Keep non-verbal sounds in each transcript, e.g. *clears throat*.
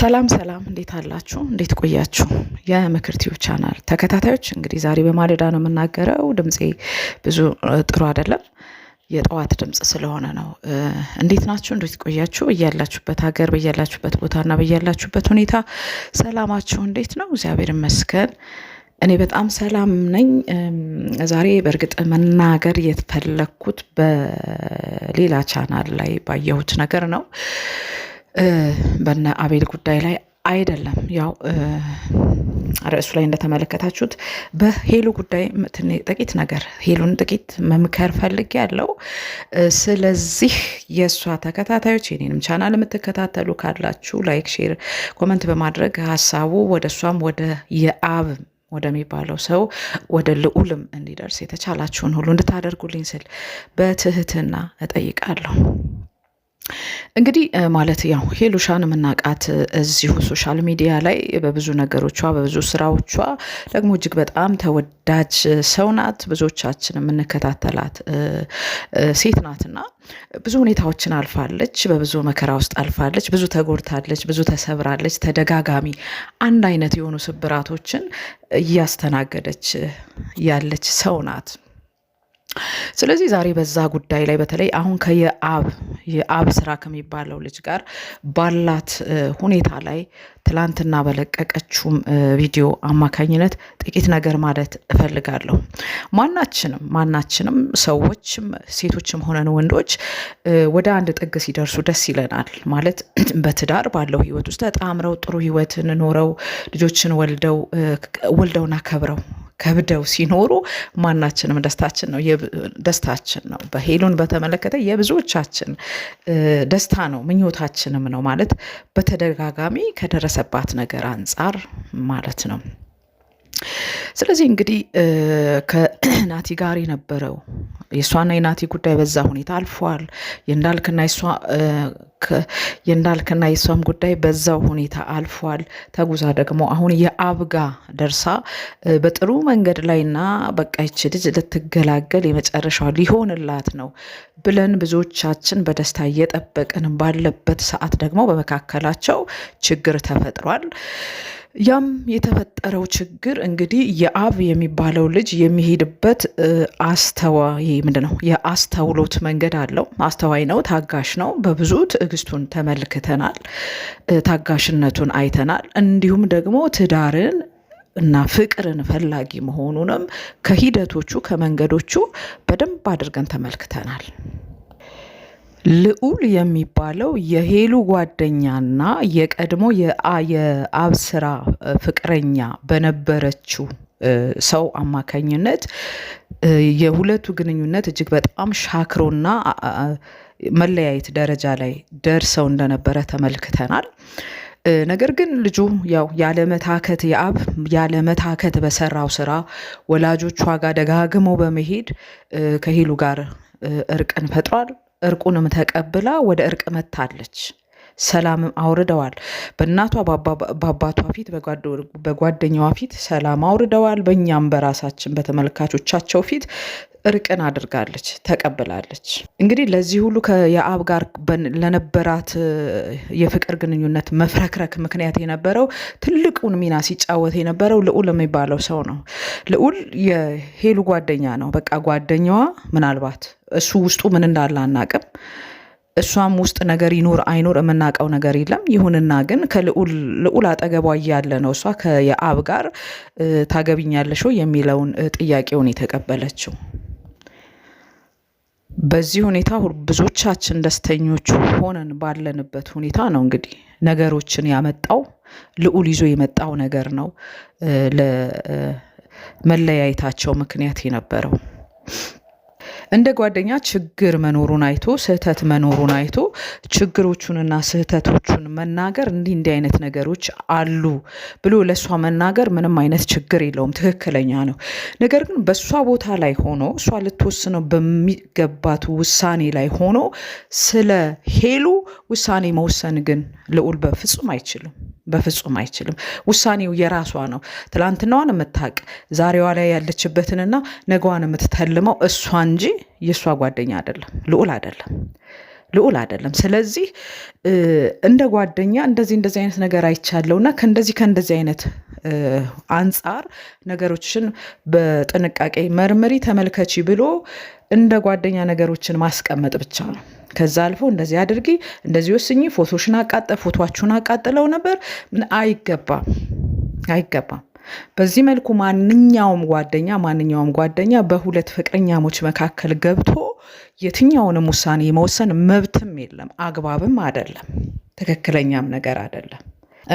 ሰላም ሰላም፣ እንዴት አላችሁ? እንዴት ቆያችሁ? የምክር ቲዩብ ቻናል ተከታታዮች፣ እንግዲህ ዛሬ በማለዳ ነው የምናገረው። ድምፄ ብዙ ጥሩ አይደለም፣ የጠዋት ድምፅ ስለሆነ ነው። እንዴት ናችሁ? እንዴት ቆያችሁ? በያላችሁበት ሀገር፣ በያላችሁበት ቦታና በያላችሁበት ሁኔታ ሰላማችሁ እንዴት ነው? እግዚአብሔር ይመስገን። እኔ በጣም ሰላም ነኝ። ዛሬ በእርግጥ መናገር የተፈለግኩት በሌላ ቻናል ላይ ባየሁት ነገር ነው። በነ አቤል ጉዳይ ላይ አይደለም ያው ርዕሱ ላይ እንደተመለከታችሁት በሄሉ ጉዳይ ጥቂት ነገር ሄሉን ጥቂት መምከር ፈልግ ያለው። ስለዚህ የእሷ ተከታታዮች የኔንም ቻናል የምትከታተሉ ካላችሁ ላይክ፣ ሼር፣ ኮመንት በማድረግ ሀሳቡ ወደ እሷም ወደ የአብ ወደሚባለው ሰው ወደ ልዑልም እንዲደርስ የተቻላችሁን ሁሉ እንድታደርጉልኝ ስል በትህትና እጠይቃለሁ። እንግዲህ ማለት ያው ሄሉሻን የምናውቃት እዚሁ ሶሻል ሚዲያ ላይ በብዙ ነገሮቿ በብዙ ስራዎቿ ደግሞ እጅግ በጣም ተወዳጅ ሰው ናት። ብዙዎቻችን የምንከታተላት ሴት ናትና ብዙ ሁኔታዎችን አልፋለች። በብዙ መከራ ውስጥ አልፋለች። ብዙ ተጎድታለች፣ ብዙ ተሰብራለች። ተደጋጋሚ አንድ አይነት የሆኑ ስብራቶችን እያስተናገደች ያለች ሰው ናት። ስለዚህ ዛሬ በዛ ጉዳይ ላይ በተለይ አሁን ከየአብ የአብ ስራ ከሚባለው ልጅ ጋር ባላት ሁኔታ ላይ ትላንትና በለቀቀችውም ቪዲዮ አማካኝነት ጥቂት ነገር ማለት እፈልጋለሁ። ማናችንም ማናችንም ሰዎችም ሴቶችም ሆነን ወንዶች ወደ አንድ ጥግ ሲደርሱ ደስ ይለናል። ማለት *clears throat* በትዳር ባለው ህይወት ውስጥ ተጣምረው ጥሩ ህይወትን ኖረው ልጆችን ወልደው ወልደውና ከብረው ከብደው ሲኖሩ ማናችንም ደስታችን ነው ደስታችን ነው። በሄሉን በተመለከተ የብዙዎቻችን ደስታ ነው ምኞታችንም ነው ማለት በተደጋጋሚ ከደረሰባት ነገር አንጻር ማለት ነው። ስለዚህ እንግዲህ ከናቲ *clears throat* ጋር የነበረው የእሷና የናቲ ጉዳይ በዛ ሁኔታ አልፏል። የእንዳልክና የእንዳልክና የእሷም ጉዳይ በዛው ሁኔታ አልፏል። ተጉዛ ደግሞ አሁን የአብጋ ደርሳ በጥሩ መንገድ ላይና በቃ ይች ልጅ ልትገላገል የመጨረሻዋ ሊሆንላት ነው ብለን ብዙዎቻችን በደስታ እየጠበቅን ባለበት ሰዓት ደግሞ በመካከላቸው ችግር ተፈጥሯል። ያም የተፈጠረው ችግር እንግዲህ የአብ የሚባለው ልጅ የሚሄድበት አስተዋይ ምንድን ነው የአስተውሎት መንገድ አለው። አስተዋይ ነው፣ ታጋሽ ነው። በብዙ ትዕግስቱን ተመልክተናል፣ ታጋሽነቱን አይተናል። እንዲሁም ደግሞ ትዳርን እና ፍቅርን ፈላጊ መሆኑንም ከሂደቶቹ ከመንገዶቹ በደንብ አድርገን ተመልክተናል። ልዑል የሚባለው የሄሉ ጓደኛና የቀድሞ የአብስራ ፍቅረኛ በነበረችው ሰው አማካኝነት የሁለቱ ግንኙነት እጅግ በጣም ሻክሮና መለያየት ደረጃ ላይ ደርሰው እንደነበረ ተመልክተናል። ነገር ግን ልጁ ያው ያለመታከት የአብ ያለመታከት በሰራው ስራ ወላጆቿ ጋር ደጋግሞ በመሄድ ከሄሉ ጋር እርቅን ፈጥሯል። እርቁንም ተቀብላ ወደ እርቅ መታለች። ሰላምም አውርደዋል። በእናቷ በአባቷ ፊት በጓደኛዋ ፊት ሰላም አውርደዋል። በእኛም በራሳችን በተመልካቾቻቸው ፊት እርቅን አድርጋለች፣ ተቀብላለች። እንግዲህ ለዚህ ሁሉ የአብ ጋር ለነበራት የፍቅር ግንኙነት መፍረክረክ ምክንያት የነበረው ትልቁን ሚና ሲጫወት የነበረው ልዑል የሚባለው ሰው ነው። ልዑል የሄሉ ጓደኛ ነው። በቃ ጓደኛዋ ምናልባት እሱ ውስጡ ምን እንዳለ አናቅም። እሷም ውስጥ ነገር ይኖር አይኖር የምናውቀው ነገር የለም። ይሁንና ግን ከልዑል አጠገቧ እያለ ነው እሷ ከየአብ ጋር ታገቢኛለሽ የሚለውን ጥያቄውን የተቀበለችው። በዚህ ሁኔታ ብዙዎቻችን ደስተኞቹ ሆነን ባለንበት ሁኔታ ነው እንግዲህ ነገሮችን ያመጣው ልዑል ይዞ የመጣው ነገር ነው ለመለያየታቸው ምክንያት የነበረው። እንደ ጓደኛ ችግር መኖሩን አይቶ ስህተት መኖሩን አይቶ ችግሮቹንና ስህተቶቹን መናገር እንዲህ እንዲህ አይነት ነገሮች አሉ ብሎ ለእሷ መናገር ምንም አይነት ችግር የለውም፣ ትክክለኛ ነው። ነገር ግን በእሷ ቦታ ላይ ሆኖ እሷ ልትወስነው በሚገባት ውሳኔ ላይ ሆኖ ስለ ሄሉ ውሳኔ መወሰን ግን ልዑል በፍጹም አይችልም። በፍጹም አይችልም። ውሳኔው የራሷ ነው። ትላንትናዋን የምታቅ ዛሬዋ ላይ ያለችበትንና ነገዋን የምትተልመው እሷ እንጂ የእሷ ጓደኛ አይደለም፣ ልዑል አይደለም። ልዑል አይደለም። ስለዚህ እንደ ጓደኛ እንደዚህ እንደዚህ አይነት ነገር አይቻለውና ከእንደዚህ ከእንደዚህ አይነት አንጻር ነገሮችን በጥንቃቄ መርምሪ፣ ተመልከቺ ብሎ እንደ ጓደኛ ነገሮችን ማስቀመጥ ብቻ ነው። ከዛ አልፎ እንደዚህ አድርጊ፣ እንደዚህ ወስኚ፣ ፎቶሽን አቃጠ ፎቶችሁን አቃጥለው ነበር ምን አይገባም አይገባም። በዚህ መልኩ ማንኛውም ጓደኛ ማንኛውም ጓደኛ በሁለት ፍቅረኛሞች መካከል ገብቶ የትኛውንም ውሳኔ የመወሰን መብትም የለም፣ አግባብም አይደለም፣ ትክክለኛም ነገር አይደለም።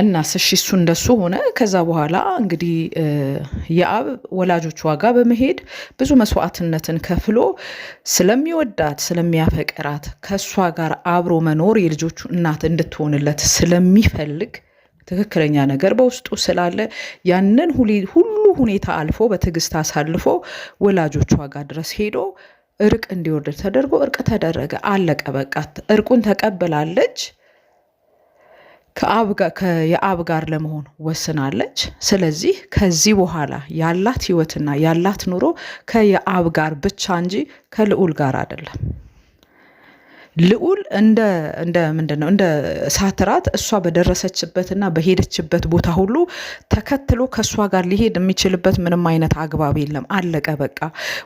እና ስሺ እሱ እንደሱ ሆነ። ከዛ በኋላ እንግዲህ የአብ ወላጆች ዋጋ በመሄድ ብዙ መስዋዕትነትን ከፍሎ ስለሚወዳት ስለሚያፈቅራት ከእሷ ጋር አብሮ መኖር የልጆቹ እናት እንድትሆንለት ስለሚፈልግ ትክክለኛ ነገር በውስጡ ስላለ ያንን ሁሉ ሁኔታ አልፎ በትዕግስት አሳልፎ ወላጆቿ ጋር ድረስ ሄዶ እርቅ እንዲወርድ ተደርጎ እርቅ ተደረገ። አለቀ በቃ። እርቁን ተቀብላለች። የአብ ጋር ለመሆን ወስናለች። ስለዚህ ከዚህ በኋላ ያላት ህይወትና ያላት ኑሮ ከየአብ ጋር ብቻ እንጂ ከልዑል ጋር አይደለም። ልዑል እንደ እንደ ምንድን ነው እንደ ሳትራት እሷ በደረሰችበትና በሄደችበት ቦታ ሁሉ ተከትሎ ከእሷ ጋር ሊሄድ የሚችልበት ምንም አይነት አግባብ የለም። አለቀ በቃ።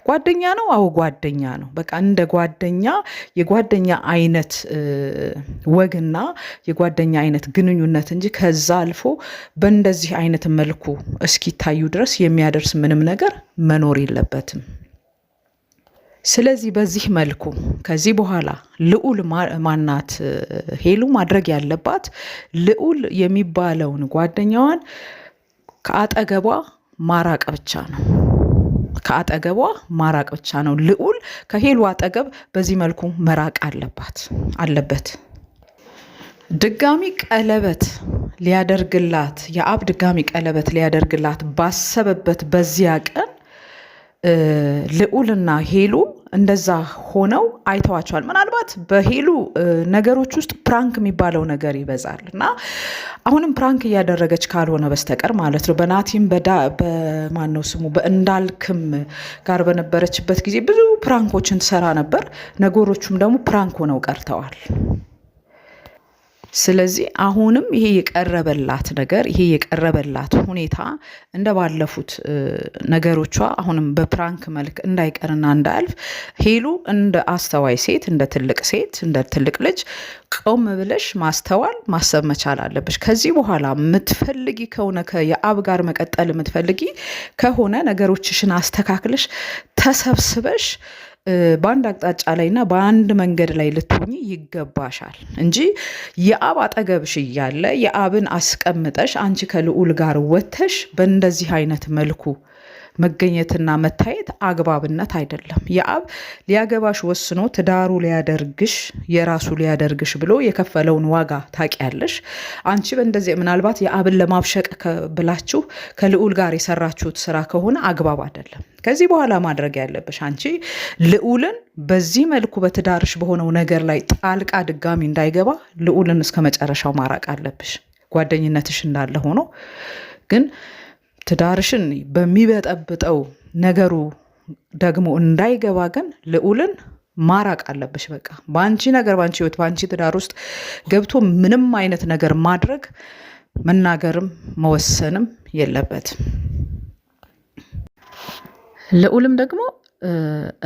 ጓደኛ ነው፣ አዎ ጓደኛ ነው። በቃ እንደ ጓደኛ የጓደኛ አይነት ወግና የጓደኛ አይነት ግንኙነት እንጂ ከዛ አልፎ በእንደዚህ አይነት መልኩ እስኪታዩ ድረስ የሚያደርስ ምንም ነገር መኖር የለበትም። ስለዚህ በዚህ መልኩ ከዚህ በኋላ ልዑል ማናት ሄሉ ማድረግ ያለባት ልዑል የሚባለውን ጓደኛዋን ከአጠገቧ ማራቅ ብቻ ነው። ከአጠገቧ ማራቅ ብቻ ነው። ልዑል ከሄሉ አጠገብ በዚህ መልኩ መራቅ አለባት አለበት። ድጋሚ ቀለበት ሊያደርግላት የአብ ድጋሚ ቀለበት ሊያደርግላት ባሰበበት በዚያ ቀን ልዑልና ሄሉ እንደዛ ሆነው አይተዋቸዋል። ምናልባት በሄሉ ነገሮች ውስጥ ፕራንክ የሚባለው ነገር ይበዛል እና አሁንም ፕራንክ እያደረገች ካልሆነ በስተቀር ማለት ነው። በናቲም በማነው ስሙ በእንዳልክም ጋር በነበረችበት ጊዜ ብዙ ፕራንኮችን ትሰራ ነበር። ነገሮቹም ደግሞ ፕራንክ ሆነው ቀርተዋል። ስለዚህ አሁንም ይሄ የቀረበላት ነገር ይሄ የቀረበላት ሁኔታ እንደ ባለፉት ነገሮቿ አሁንም በፕራንክ መልክ እንዳይቀርና እንዳያልፍ ሄሉ እንደ አስተዋይ ሴት፣ እንደ ትልቅ ሴት፣ እንደ ትልቅ ልጅ ቆም ብለሽ ማስተዋል ማሰብ መቻል አለብሽ። ከዚህ በኋላ የምትፈልጊ ከሆነ የአብ ጋር መቀጠል የምትፈልጊ ከሆነ ነገሮችሽን አስተካክለሽ ተሰብስበሽ በአንድ አቅጣጫ ላይና በአንድ መንገድ ላይ ልትሆኝ ይገባሻል እንጂ የአብ አጠገብሽ እያለ የአብን አስቀምጠሽ አንቺ ከልዑል ጋር ወተሽ በእንደዚህ አይነት መልኩ መገኘትና መታየት አግባብነት አይደለም። የአብ ሊያገባሽ ወስኖ ትዳሩ ሊያደርግሽ የራሱ ሊያደርግሽ ብሎ የከፈለውን ዋጋ ታውቂያለሽ። አንቺ በእንደዚህ ምናልባት የአብን ለማብሸቅ ብላችሁ ከልዑል ጋር የሰራችሁት ስራ ከሆነ አግባብ አይደለም። ከዚህ በኋላ ማድረግ ያለብሽ አንቺ ልዑልን በዚህ መልኩ በትዳርሽ በሆነው ነገር ላይ ጣልቃ ድጋሚ እንዳይገባ ልዑልን እስከ መጨረሻው ማራቅ አለብሽ። ጓደኝነትሽ እንዳለ ሆኖ ግን ትዳርሽን በሚበጠብጠው ነገሩ ደግሞ እንዳይገባ ግን ልዑልን ማራቅ አለብሽ። በቃ በአንቺ ነገር በአንቺ ህይወት በአንቺ ትዳር ውስጥ ገብቶ ምንም አይነት ነገር ማድረግ መናገርም መወሰንም የለበትም። ልዑልም ደግሞ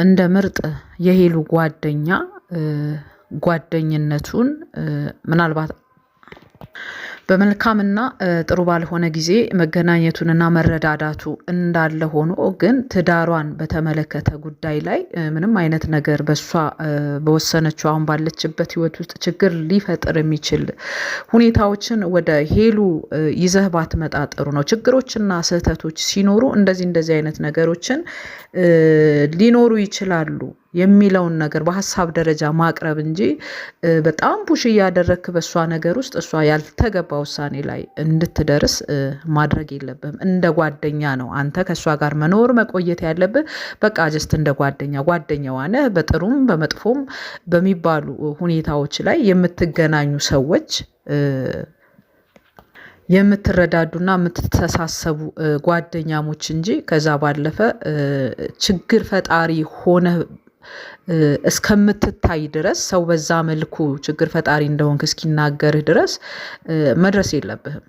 እንደ ምርጥ የሄሉ ጓደኛ ጓደኝነቱን ምናልባት በመልካምና ጥሩ ባልሆነ ጊዜ መገናኘቱንና መረዳዳቱ እንዳለ ሆኖ ግን ትዳሯን በተመለከተ ጉዳይ ላይ ምንም አይነት ነገር በእሷ በወሰነችው አሁን ባለችበት ህይወት ውስጥ ችግር ሊፈጥር የሚችል ሁኔታዎችን ወደ ሄሉ ይዘህ ባትመጣ ጥሩ ነው። ችግሮችና ስህተቶች ሲኖሩ እንደዚህ እንደዚህ አይነት ነገሮችን ሊኖሩ ይችላሉ። የሚለውን ነገር በሀሳብ ደረጃ ማቅረብ እንጂ በጣም ፑሽ እያደረግክ በእሷ ነገር ውስጥ እሷ ያልተገባ ውሳኔ ላይ እንድትደርስ ማድረግ የለብም። እንደ ጓደኛ ነው አንተ ከእሷ ጋር መኖር መቆየት ያለብህ። በቃ ጀስት እንደ ጓደኛ ጓደኛዋ ነህ። በጥሩም በመጥፎም በሚባሉ ሁኔታዎች ላይ የምትገናኙ ሰዎች የምትረዳዱና የምትተሳሰቡ ጓደኛሞች እንጂ ከዛ ባለፈ ችግር ፈጣሪ ሆነ እስከምትታይ ድረስ ሰው በዛ መልኩ ችግር ፈጣሪ እንደሆንክ እስኪናገርህ ድረስ መድረስ የለብህም።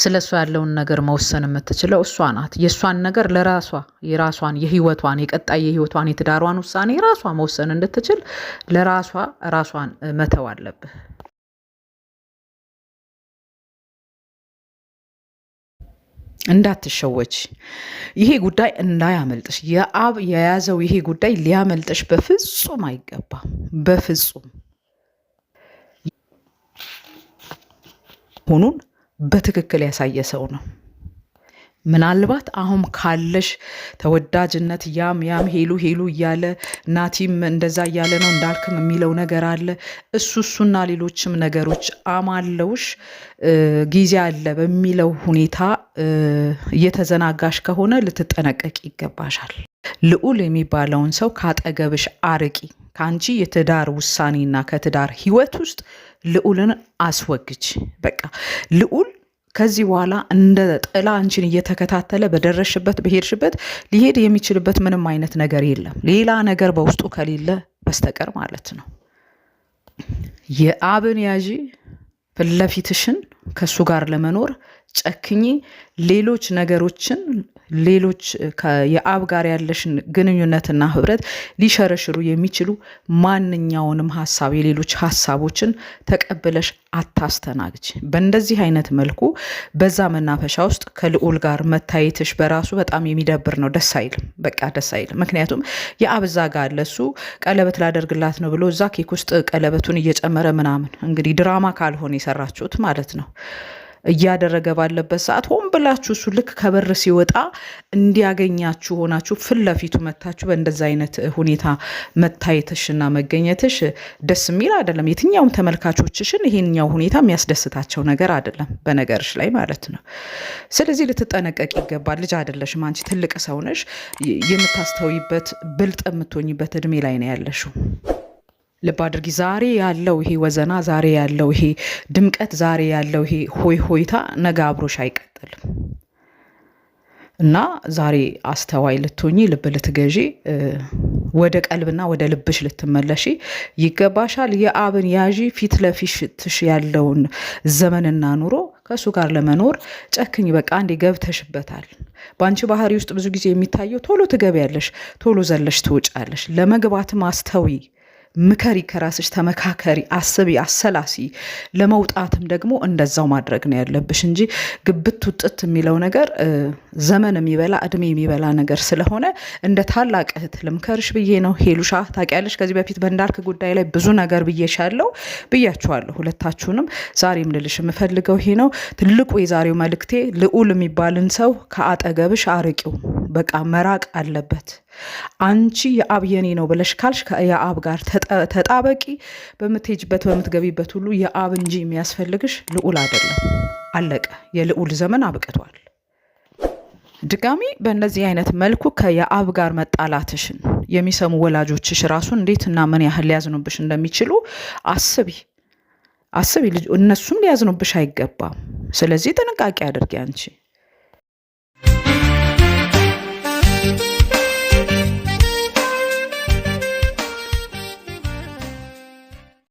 ስለ እሷ ያለውን ነገር መወሰን የምትችለው እሷ ናት። የእሷን ነገር ለራሷ የራሷን የህይወቷን የቀጣይ የህይወቷን የትዳሯን ውሳኔ ራሷ መወሰን እንድትችል ለራሷ ራሷን መተው አለብህ። እንዳትሸወች ይሄ ጉዳይ እንዳያመልጥሽ። የአብ የያዘው ይሄ ጉዳይ ሊያመልጥሽ በፍጹም አይገባም። በፍጹም ሆኑን በትክክል ያሳየ ሰው ነው። ምናልባት አሁን ካለሽ ተወዳጅነት ያም ያም ሄሉ ሄሉ እያለ ናቲም እንደዛ እያለ ነው እንዳልክም የሚለው ነገር አለ። እሱ እሱና ሌሎችም ነገሮች አማለውሽ ጊዜ አለ በሚለው ሁኔታ እየተዘናጋሽ ከሆነ ልትጠነቀቅ ይገባሻል። ልዑል የሚባለውን ሰው ካጠገብሽ አርቂ። ከአንቺ የትዳር ውሳኔና ከትዳር ህይወት ውስጥ ልዑልን አስወግጅ። በቃ ልዑል ከዚህ በኋላ እንደ ጥላ አንቺን እየተከታተለ በደረሽበት በሄድሽበት ሊሄድ የሚችልበት ምንም አይነት ነገር የለም፣ ሌላ ነገር በውስጡ ከሌለ በስተቀር ማለት ነው። የአብን ያዢ ፊት ከእሱ ጋር ለመኖር ጨክኚ፣ ሌሎች ነገሮችን ሌሎች የአብ ጋር ያለሽን ግንኙነትና ህብረት ሊሸረሽሩ የሚችሉ ማንኛውንም ሀሳብ የሌሎች ሀሳቦችን ተቀብለሽ አታስተናግጅ። በእንደዚህ አይነት መልኩ በዛ መናፈሻ ውስጥ ከልዑል ጋር መታየትሽ በራሱ በጣም የሚደብር ነው። ደስ አይልም፣ በቃ ደስ አይልም። ምክንያቱም የአብዛ ጋር ለሱ ቀለበት ላደርግላት ነው ብሎ እዛ ኬክ ውስጥ ቀለበቱን እየጨመረ ምናምን እንግዲህ ድራማ ካልሆነ የሰራችሁት ማለት ነው። እያደረገ ባለበት ሰዓት ሆን ብላችሁ እሱ ልክ ከበር ሲወጣ እንዲያገኛችሁ ሆናችሁ ፊት ለፊቱ መታችሁ በእንደዛ አይነት ሁኔታ መታየትሽና መገኘትሽ ደስ የሚል አይደለም። የትኛውም ተመልካቾችሽን ይሄኛው ሁኔታ የሚያስደስታቸው ነገር አይደለም፣ በነገርሽ ላይ ማለት ነው። ስለዚህ ልትጠነቀቅ ይገባል። ልጅ አይደለሽም አንቺ ትልቅ ሰውነሽ የምታስተውይበት ብልጥ የምትሆኝበት እድሜ ላይ ነው ያለሽው። ልብ አድርጊ። ዛሬ ያለው ይሄ ወዘና፣ ዛሬ ያለው ይሄ ድምቀት፣ ዛሬ ያለው ይሄ ሆይ ሆይታ ነገ አብሮሽ አይቀጥልም እና ዛሬ አስተዋይ ልትሆኚ፣ ልብ ልትገዢ፣ ወደ ቀልብና ወደ ልብሽ ልትመለሺ ይገባሻል። የአብን ያዢ ፊት ለፊትሽ ያለውን ዘመንና ኑሮ ከእሱ ጋር ለመኖር ጨክኝ። በቃ አንዴ ገብተሽበታል። በአንቺ ባህሪ ውስጥ ብዙ ጊዜ የሚታየው ቶሎ ትገቢያለሽ፣ ቶሎ ዘለሽ ትውጫለሽ። ለመግባትም አስተዊ ምከሪ፣ ከራስሽ ተመካከሪ፣ አስቢ፣ አሰላሲ። ለመውጣትም ደግሞ እንደዛው ማድረግ ነው ያለብሽ እንጂ ግብት ውጥት የሚለው ነገር ዘመን የሚበላ እድሜ የሚበላ ነገር ስለሆነ እንደ ታላቅ እህት ልምከርሽ ብዬ ነው። ሄሉሻ ታውቂያለሽ፣ ከዚህ በፊት በእንዳልክ ጉዳይ ላይ ብዙ ነገር ብዬሻለሁ፣ ብያችኋለሁ። ሁለታችሁንም ዛሬም ልልሽ የምፈልገው ይሄ ነው። ትልቁ የዛሬው መልእክቴ ልዑል የሚባልን ሰው ከአጠገብሽ አርቂው። በቃ መራቅ አለበት። አንቺ የአብ የኔ ነው ብለሽ ካልሽ የአብ ጋር ተጣበቂ። በምትሄጅበት በምትገቢበት ሁሉ የአብ እንጂ የሚያስፈልግሽ ልዑል አይደለም። አለቀ። የልዑል ዘመን አብቅቷል። ድጋሚ በእነዚህ አይነት መልኩ ከየአብ ጋር መጣላትሽን የሚሰሙ ወላጆችሽ ራሱ እንዴት እና ምን ያህል ሊያዝኑብሽ እንደሚችሉ አስቢ አስቢ። እነሱም ሊያዝኑብሽ አይገባም። ስለዚህ ጥንቃቄ አድርጊ አንቺ